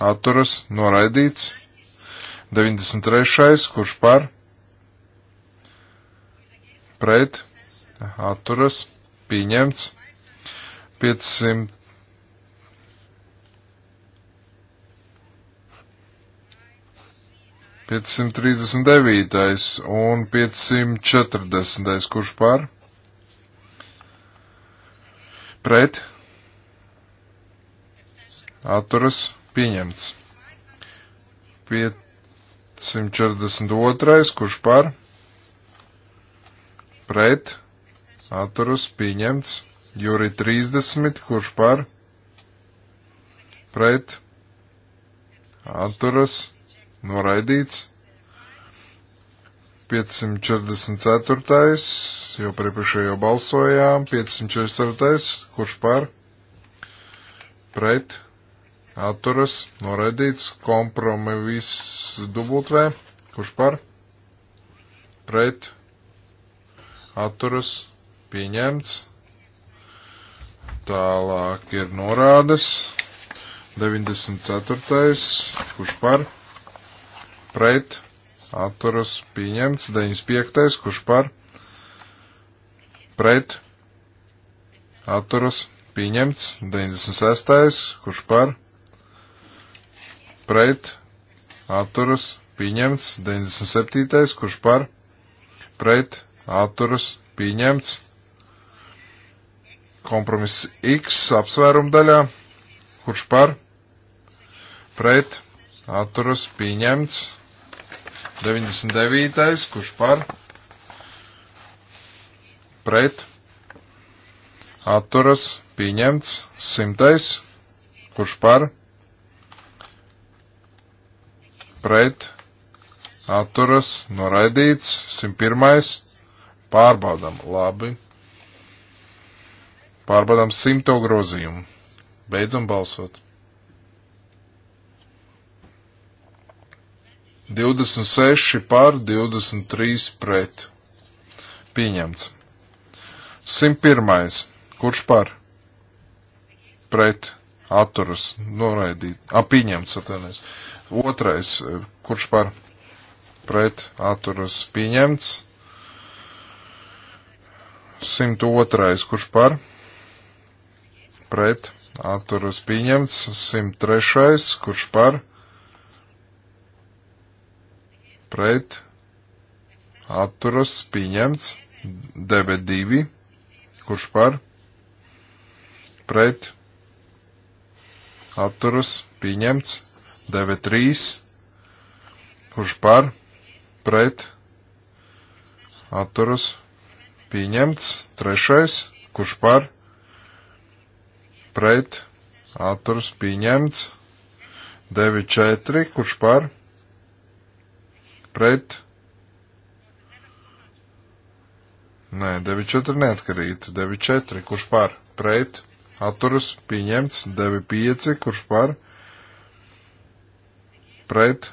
atturas, noraidīts. 93. kurš par, pret, atturas, pieņemts. 500. Piecsimt trīsdesmit devītais un piecsimt četrdesmitais, kurš par? Pret, atturas pieņemts. 542. kurš par pret atturas pieņemts. Juri 30. kurš par pret atturas noraidīts. 544. jau priekšējo balsojām. 544. kurš par pret atturas atturas, noraidīts, kompromiss dubultvē, kurš par, pret, atturas, pieņemts, tālāk ir norādes, 94. kurš par, pret, atturas, pieņemts, 95. kurš par, pret, atturas, pieņemts, 96. kurš par, pret, atturas, pieņemts. 97. kurš par, pret, atturas, pieņemts. Kompromiss X apsvērumu daļā, kurš par, pret, atturas, pieņemts. 99. kurš par, pret, atturas, pieņemts. 100. kurš par, pret pret, atturas, noraidīts, 101. Pārbaudam, labi. Pārbaudam simto grozījumu. Beidzam balsot. 26 pār 23 pret. Pieņemts. 101. Kurš par? Pret. Atturas. Noraidīt. Apieņemts, atvainojiet. Otrais, eh, kurš par pret atturas pieņemts. 102. kurš par pret atturas pieņemts. 103. kurš par pret atturas pieņemts. 92. kurš par pret atturas pieņemts. DV3, kurš par, pret, atturas, pieņemts, trešais, kurš par, pret, atturas, pieņemts, DV4, kurš par, pret, nē, DV4 neatkarīt, DV4, kurš par, pret, atturas, pieņemts, DV5, kurš par, pret, pret,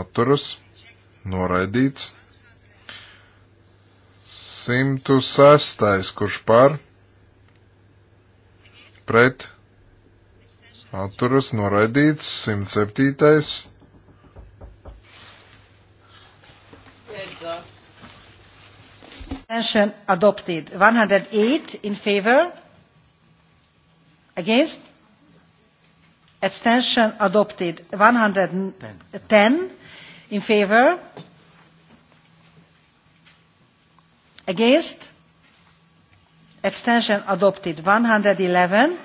atturas, noraidīts. 106. kurš par, pret, atturas, noraidīts. 107. abstention adopted. 108 in favor, against, abstention adopted 110 in favor against abstention adopted 111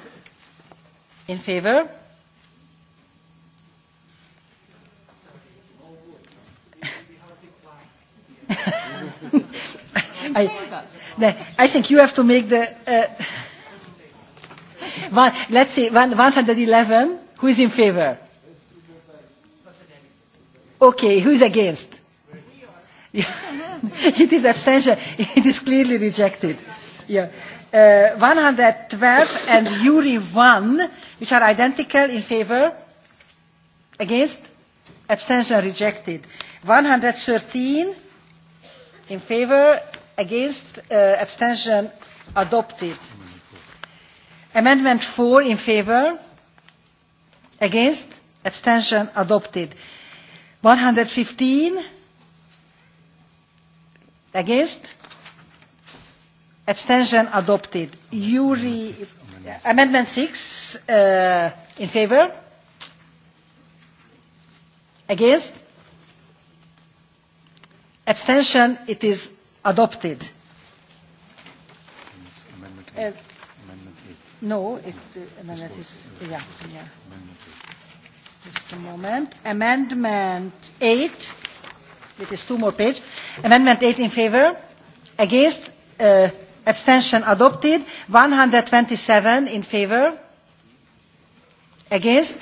in favor I, I think you have to make the uh, one, let's see one, 111 Who is in favor? Okay, who is against? it is abstention. It is clearly rejected. Yeah. Uh, 112 and URI 1, which are identical in favor, against, abstention rejected. 113 in favor, against, uh, abstention adopted. Amendment 4 in favor, against abstention adopted 115 against abstention adopted Yuri, amendment 6 uh, in favor against abstention it is adopted uh, No, it, uh, amendment is, yeah, yeah. Just a moment. Amendment 8, it is two more page. Amendment 8 in favor, against, uh, abstention adopted. 127 in favor, against,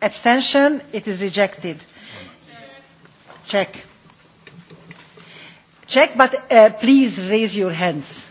abstention, it is rejected. Check. Check, but uh, please raise your hands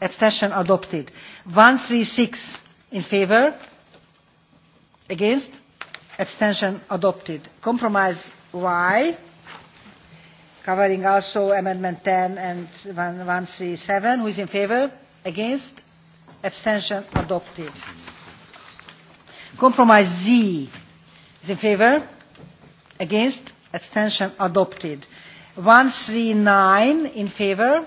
abstention adopted. 136 in favour against abstention adopted. compromise y covering also amendment 10 and 137 who is in favour against abstention adopted. compromise z is in favour against abstention adopted. 139 in favour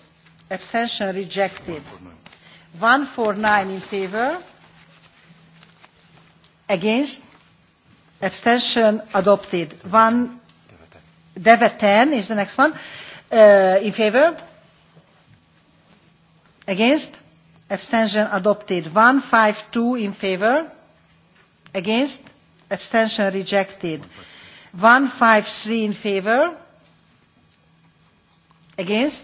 abstention rejected 149 in favor against abstention adopted 1 Deva 10 is the next one uh, in favor against abstention adopted 152 in favor against abstention rejected 153 in favor against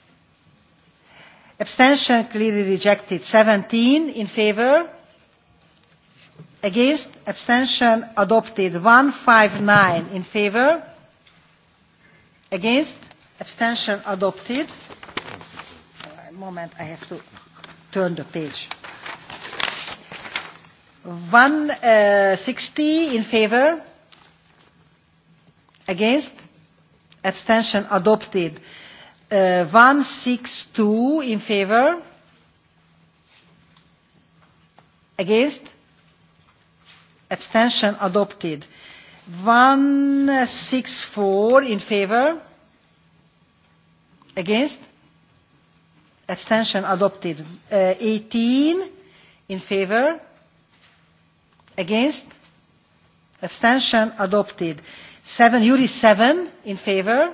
abstention clearly rejected seventeen in favour against abstention adopted one five nine in favour against abstention adopted a moment i have to turn the page one uh, sixty in favour against abstention adopted Uh, 162 in favor. Against? Abstention adopted. 164 in favor. Against? Abstention adopted. Uh, 18 in favor. Against? Abstention adopted. 7, URI 7 in favor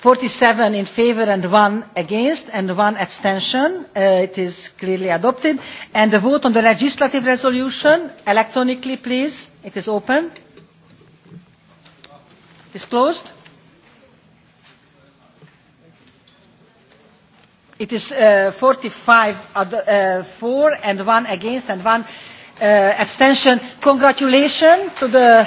47 in favour and 1 against and 1 abstention. Uh, it is clearly adopted. And the vote on the legislative resolution, electronically please. It is open. It is closed. It is uh, 45 ad, uh, for and 1 against and 1 uh, abstention. Congratulations to the